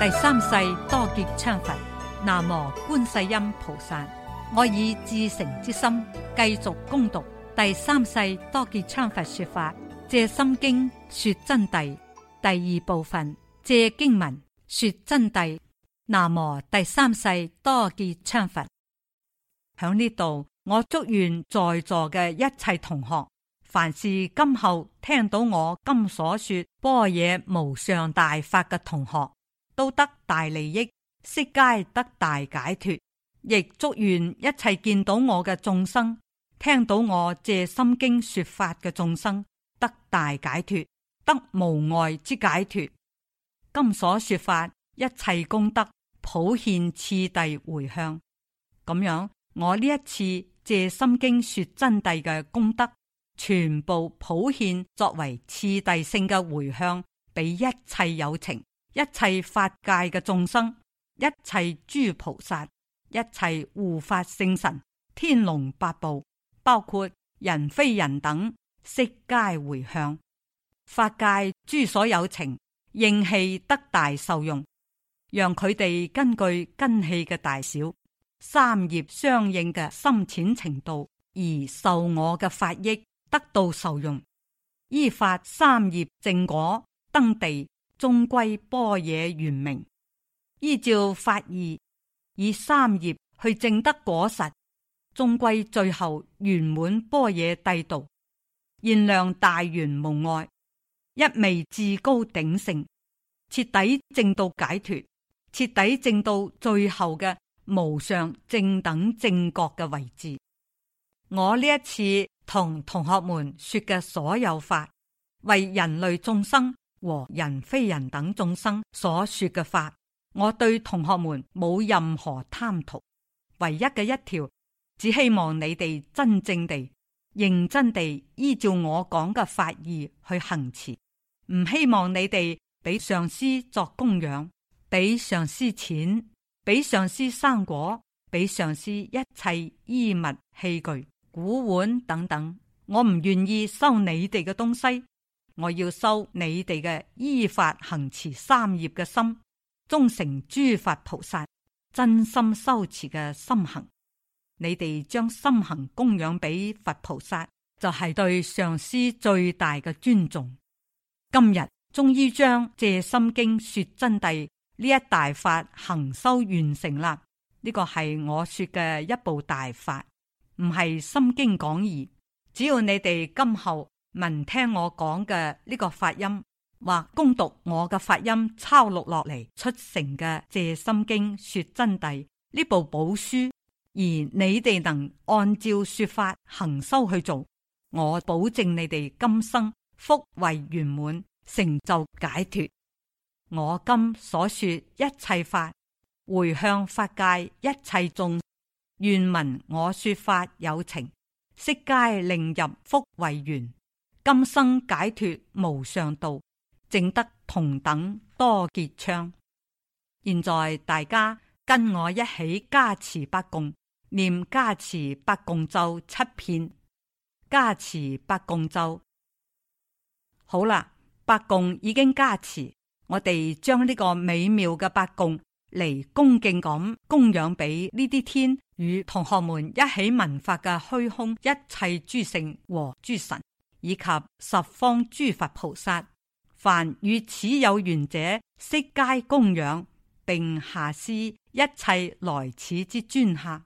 第三世多杰羌佛，南無觀世音菩薩。我以至誠之心繼續恭讀第三世多杰羌佛說法，借心經說真諦第二部分，借經文說真諦。南無第三世多杰羌佛。響呢度，我祝願在座嘅一切同學，凡是今後聽到我今所說般若無上大法嘅同學。都得大利益，悉皆得大解脫。亦祝願一切見到我嘅眾生，聽到我借心經說法嘅眾生得大解脫，得無礙之解脫。今所說法一切功德，普獻次第回向。咁樣，我呢一次借心經說真諦嘅功德，全部普獻作為次第性嘅回向，俾一切有情。一切法界嘅眾生，一切諸菩薩，一切護法聖神、天龍八部，包括人非人等，悉皆回向法界諸所有情，應氣得大受用，讓佢哋根據根氣嘅大小、三業相應嘅深淺程度而受我嘅法益，得到受用，依法三業正果登地。終歸般若圓明，依照法義，以三業去證得果實，終歸最後圓滿般若帝道，現量大圓無礙，一味至高鼎盛，徹底證到解脫，徹底證到最後嘅無上正等正覺嘅位置。我呢一次同同學們說嘅所有法，為人類眾生。和人非人等眾生所說嘅法，我對同學們冇任何貪圖，唯一嘅一條，只希望你哋真正地、認真地依照我講嘅法義去行持，唔希望你哋俾上司作供養，俾上司錢，俾上司生果，俾上司一切衣物器具、古玩等等，我唔願意收你哋嘅東西。我要收你哋嘅依法行持三業嘅心，忠誠諸佛菩薩真心修持嘅心行。你哋將心行供養俾佛菩薩，就係、是、對上司最大嘅尊重。今日終於將《藉心經》說真諦呢一大法行修完成啦。呢、這個係我說嘅一部大法，唔係《心經》講義。只要你哋今後，聞聽我講嘅呢個法音，或攻讀我嘅法音抄錄，抄錄落嚟出成嘅《藉心經說真諦》呢部寶書，而你哋能按照說法行修去做，我保證你哋今生福慧圓滿，成就解脫。我今所說一切法，回向法界一切眾，願聞我說法有情，悉皆令入福慧圓。今生解脫無上道，證得同等多杰羌。現在大家跟我一起加持八供，念加持八供咒七遍。加持八供咒，好啦，八供已經加持，我哋將呢個美妙嘅八供嚟恭敬咁供養俾呢啲天與同學們一起聞法嘅虛空一切諸聖和諸神。以及十方諸佛菩薩，凡與此有緣者，悉皆供養，並下施一切來此之尊客。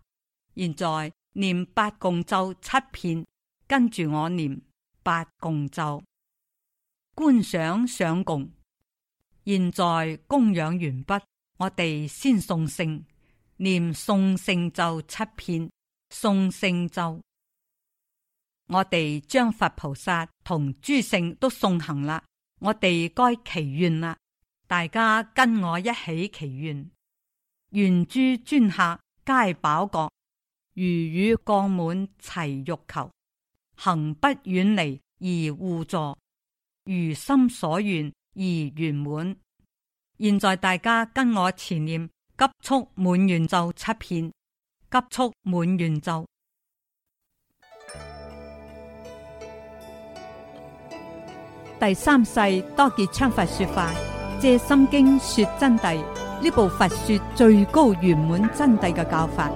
現在念八共咒七遍，跟住我念八共咒，觀想上供。現在供養完畢，我哋先送聖念送聖咒七遍，送聖咒。我哋將佛菩薩同諸聖都送行啦，我哋該祈願啦，大家跟我一起祈願，願諸尊客皆飽覺，如雨降滿齊欲求，行不遠離而互助，如心所願而圓滿。現在大家跟我前念，急速滿願咒七遍，急速滿願咒。第三世多杰羌佛說法，借心經說真諦，呢部佛說最高圓滿真諦嘅教法，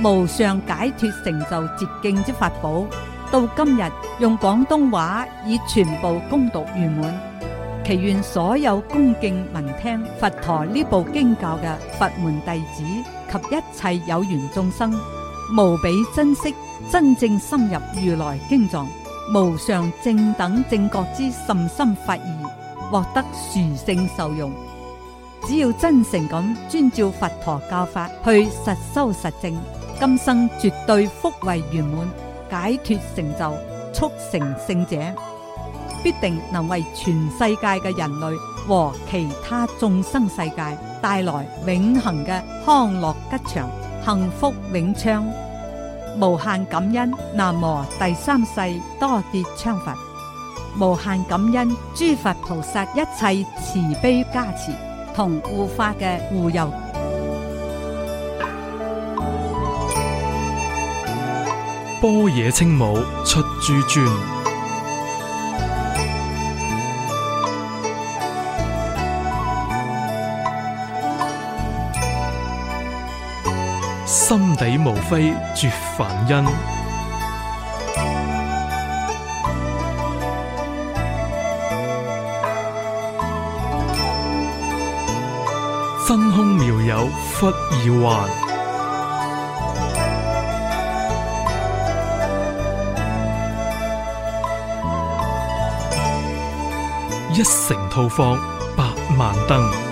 無上解脫成就捷徑之法寶，到今日用廣東話已全部恭讀圓滿。祈願所有恭敬聞聽佛陀呢部經教嘅佛門弟子及一切有緣眾生，無比珍惜，真正深入如來經藏。無上正等正覺之甚深法義，獲得殊勝受用。只要真誠咁遵照佛陀教法去實修實證，今生絕對福慧圓滿，解脱成就，促成聖者，必定能為全世界嘅人類和其他眾生世界帶來永恆嘅康樂吉祥、幸福永昌。無限感恩，南無第三世，心底無非絕凡因，真空妙有忽而幻， 一成套房百萬燈。